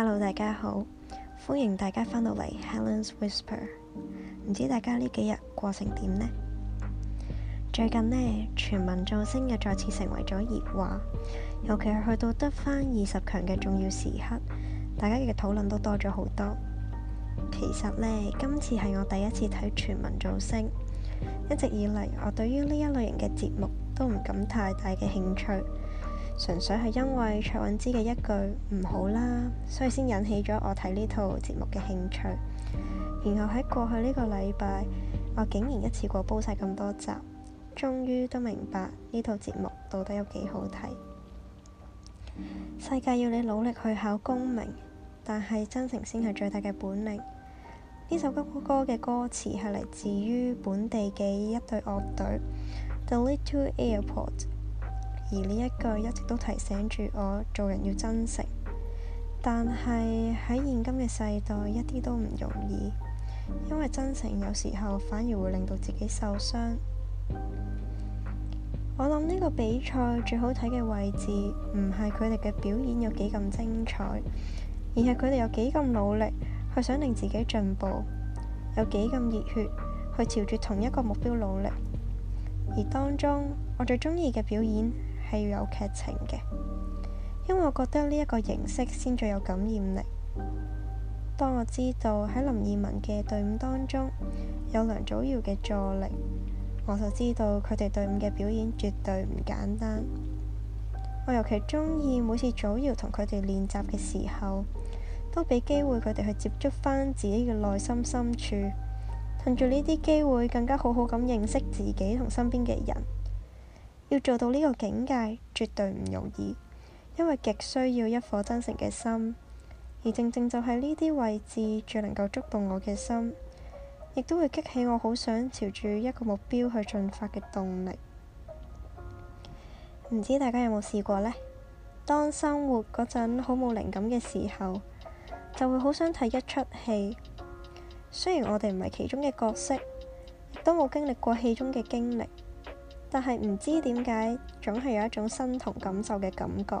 Hello 大家好，歡迎大家返到嚟 Helen's Whisper，唔知大家呢幾日過成點呢？最近呢全民造星又再次成為咗熱話，尤其係去到得返二十強嘅重要時刻，大家嘅討論都多咗好多。其實呢今次係我第一次睇全民造星，一直以嚟我對於呢一類型嘅節目都唔感太大嘅興趣。純粹係因為卓韻芝嘅一句唔好啦，所以先引起咗我睇呢套節目嘅興趣。然後喺過去呢個禮拜，我竟然一次過煲晒咁多集，終於都明白呢套節目到底有幾好睇。世界要你努力去考功名，但係真誠先係最大嘅本領。呢首歌曲哥嘅歌詞係嚟自於本地嘅一隊樂隊，The Little Airport。而呢一句一直都提醒住我做人要真誠，但係喺現今嘅世代一啲都唔容易，因為真誠有時候反而會令到自己受傷。我諗呢個比賽最好睇嘅位置唔係佢哋嘅表演有幾咁精彩，而係佢哋有幾咁努力去想令自己進步，有幾咁熱血去朝住同一個目標努力。而當中我最中意嘅表演。係要有劇情嘅，因為我覺得呢一個形式先最有感染力。當我知道喺林二汶嘅隊伍當中有梁祖堯嘅助力，我就知道佢哋隊伍嘅表演絕對唔簡單。我尤其中意每次祖堯同佢哋練習嘅時候，都俾機會佢哋去接觸返自己嘅內心深處。趁住呢啲機會，更加好好咁認識自己同身邊嘅人。要做到呢個境界，絕對唔容易，因為極需要一顆真誠嘅心。而正正就係呢啲位置，最能夠觸動我嘅心，亦都會激起我好想朝住一個目標去進發嘅動力。唔知大家有冇試過呢？當生活嗰陣好冇靈感嘅時候，就會好想睇一出戲。雖然我哋唔係其中嘅角色，亦都冇經歷過戲中嘅經歷。但係唔知點解，總係有一種身同感受嘅感覺。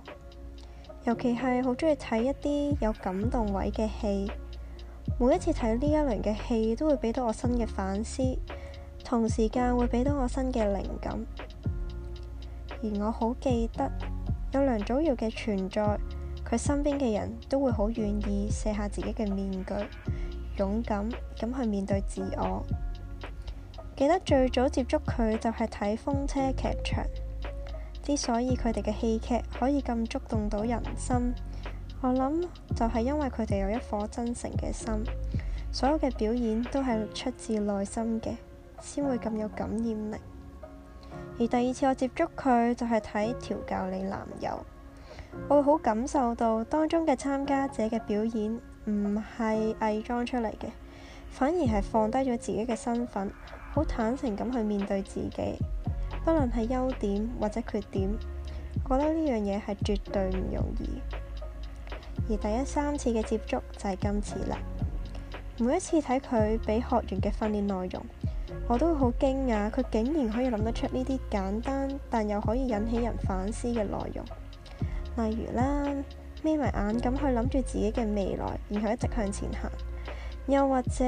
尤其係好鍾意睇一啲有感動位嘅戲。每一次睇呢一輪嘅戲，都會俾到我新嘅反思，同時間會俾到我新嘅靈感。而我好記得有梁祖堯嘅存在，佢身邊嘅人都會好願意卸下自己嘅面具，勇敢咁去面對自我。記得最早接觸佢就係睇風車劇場。之所以佢哋嘅戲劇可以咁觸動到人心，我諗就係因為佢哋有一顆真誠嘅心，所有嘅表演都係出自內心嘅，先會咁有感染力。而第二次我接觸佢就係睇調教你男友，我會好感受到當中嘅參加者嘅表演唔係偽裝出嚟嘅，反而係放低咗自己嘅身份。好坦誠咁去面對自己，不論係優點或者缺點，我覺得呢樣嘢係絕對唔容易。而第一三次嘅接觸就係今次啦。每一次睇佢俾學員嘅訓練內容，我都會好驚訝佢竟然可以諗得出呢啲簡單但又可以引起人反思嘅內容。例如啦，眯埋眼咁去諗住自己嘅未來，然後一直向前行。又或者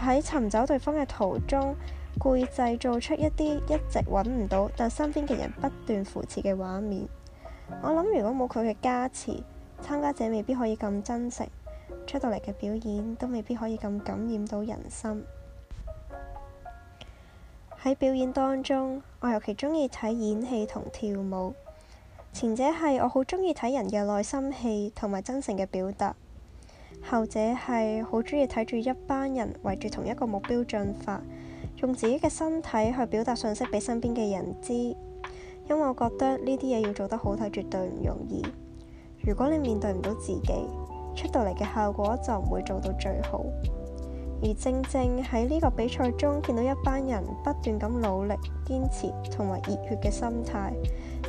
喺尋找對方嘅途中，故意製造出一啲一直揾唔到，但身邊嘅人不斷扶持嘅畫面。我諗，如果冇佢嘅加持，參加者未必可以咁真誠，出到嚟嘅表演都未必可以咁感染到人心。喺表演當中，我尤其中意睇演戲同跳舞，前者係我好中意睇人嘅內心戲同埋真誠嘅表達。後者係好中意睇住一班人圍住同一個目標進發，用自己嘅身體去表達信息俾身邊嘅人知。因為我覺得呢啲嘢要做得好睇，絕對唔容易。如果你面對唔到自己，出到嚟嘅效果就唔會做到最好。而正正喺呢個比賽中，見到一班人不斷咁努力、堅持同埋熱血嘅心態，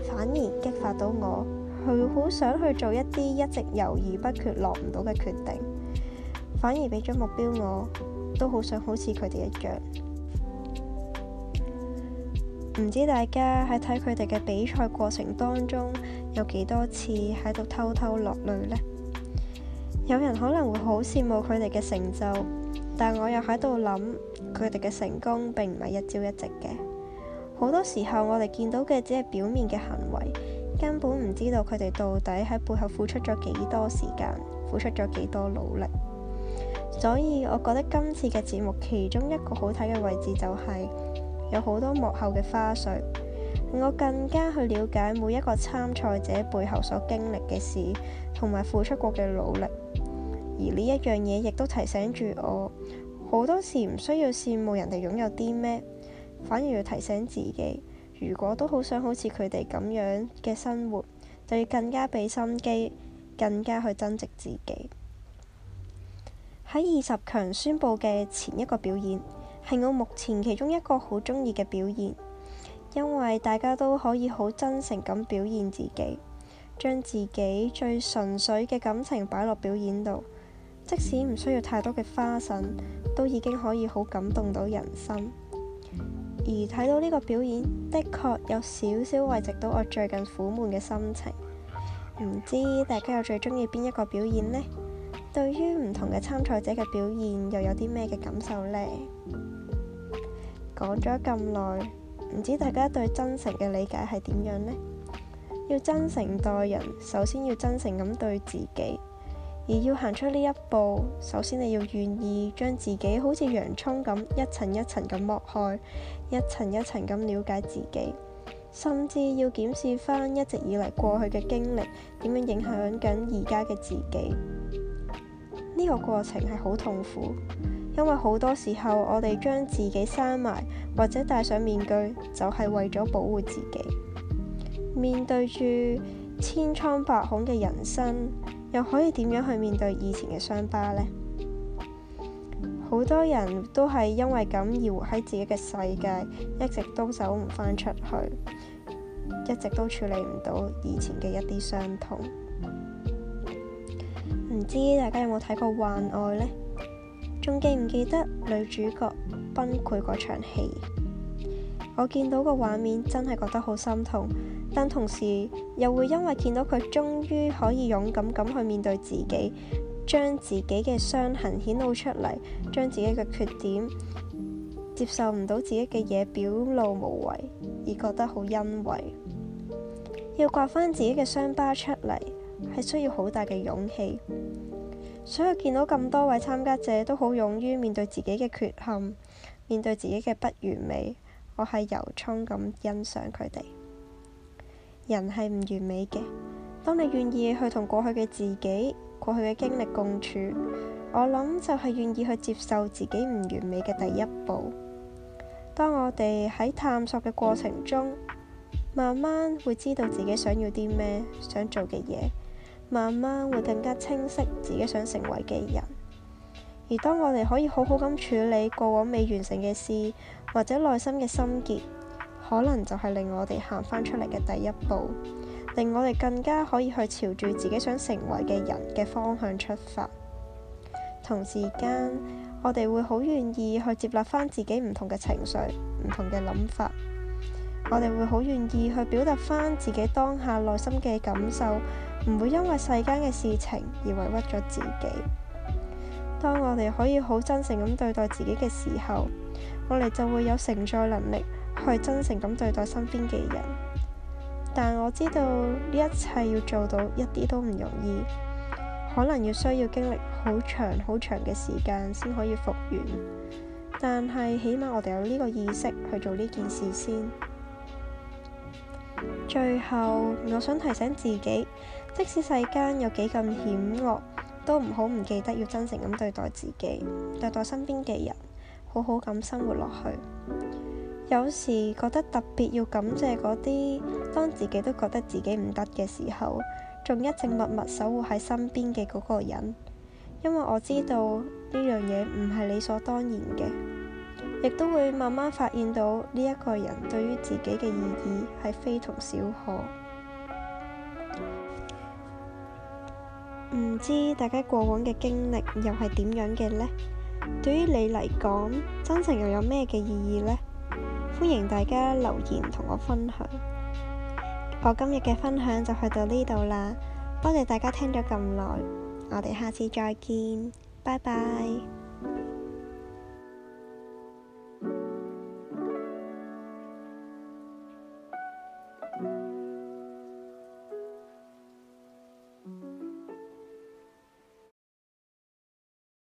反而激發到我。佢好想去做一啲一直猶豫不決落唔到嘅決定，反而俾咗目標我，我都好想好似佢哋一樣。唔知大家喺睇佢哋嘅比賽過程當中，有幾多次喺度偷偷落淚呢？有人可能會好羨慕佢哋嘅成就，但我又喺度諗佢哋嘅成功並唔係一朝一夕嘅，好多時候我哋見到嘅只係表面嘅行為。根本唔知道佢哋到底喺背後付出咗幾多時間，付出咗幾多努力。所以我覺得今次嘅節目其中一個好睇嘅位置就係有好多幕後嘅花絮，令我更加去了解每一個參賽者背後所經歷嘅事，同埋付出過嘅努力。而呢一樣嘢亦都提醒住我，好多時唔需要羨慕人哋擁有啲咩，反而要提醒自己。如果都好想好似佢哋咁樣嘅生活，就要更加俾心機，更加去增值自己。喺二十強宣佈嘅前一個表演，係我目前其中一個好鍾意嘅表演，因為大家都可以好真誠咁表現自己，將自己最純粹嘅感情擺落表演度，即使唔需要太多嘅花臣，都已經可以好感動到人心。而睇到呢個表演，的確有少少慰藉到我最近苦悶嘅心情。唔知大家又最中意邊一個表演呢？對於唔同嘅參賽者嘅表現，又有啲咩嘅感受呢？講咗咁耐，唔知大家對真誠嘅理解係點樣呢？要真誠待人，首先要真誠咁對自己。而要行出呢一步，首先你要願意將自己好似洋葱咁一層一層咁剝開，一層一層咁了解自己，甚至要檢視翻一,一直以嚟過去嘅經歷點樣影響緊而家嘅自己。呢、這個過程係好痛苦，因為好多時候我哋將自己閂埋或者戴上面具，就係、是、為咗保護自己。面對住千瘡百孔嘅人生。又可以點樣去面對以前嘅傷疤呢？好多人都係因為咁而活喺自己嘅世界，一直都走唔返出去，一直都處理唔到以前嘅一啲傷痛。唔知大家有冇睇過《幻愛》呢？仲記唔記得女主角崩潰嗰場戲？我見到個畫面真係覺得好心痛，但同時又會因為見到佢終於可以勇敢咁去面對自己，將自己嘅傷痕顯露出嚟，將自己嘅缺點接受唔到自己嘅嘢表露無遺，而覺得好欣慰。要刮返自己嘅傷疤出嚟係需要好大嘅勇氣，所以我見到咁多位參加者都好勇於面對自己嘅缺陷，面對自己嘅不完美。我係由衷咁欣賞佢哋。人係唔完美嘅，當你願意去同過去嘅自己、過去嘅經歷共處，我諗就係願意去接受自己唔完美嘅第一步。當我哋喺探索嘅過程中，慢慢會知道自己想要啲咩、想做嘅嘢，慢慢會更加清晰自己想成為嘅人。而當我哋可以好好咁處理過往未完成嘅事，或者內心嘅心結，可能就係令我哋行返出嚟嘅第一步，令我哋更加可以去朝住自己想成為嘅人嘅方向出發。同時間，我哋會好願意去接納返自己唔同嘅情緒、唔同嘅諗法。我哋會好願意去表達返自己當下內心嘅感受，唔會因為世間嘅事情而委屈咗自己。當我哋可以好真誠咁對待自己嘅時候，我哋就會有承載能力去真誠咁對待身邊嘅人。但我知道呢一切要做到一啲都唔容易，可能要需要經歷好長好長嘅時間先可以復原。但係起碼我哋有呢個意識去做呢件事先。最後，我想提醒自己，即使世間有幾咁險惡。都唔好唔記得要真誠咁對待自己，對待身邊嘅人，好好咁生活落去。有時覺得特別要感謝嗰啲當自己都覺得自己唔得嘅時候，仲一直默默守護喺身邊嘅嗰個人，因為我知道呢樣嘢唔係理所當然嘅，亦都會慢慢發現到呢一個人對於自己嘅意義係非同小可。唔知大家過往嘅經歷又係點樣嘅呢？對於你嚟講，真誠又有咩嘅意義呢？歡迎大家留言同我分享。我今日嘅分享就去到呢度啦，多謝大家聽咗咁耐，我哋下次再見，拜拜。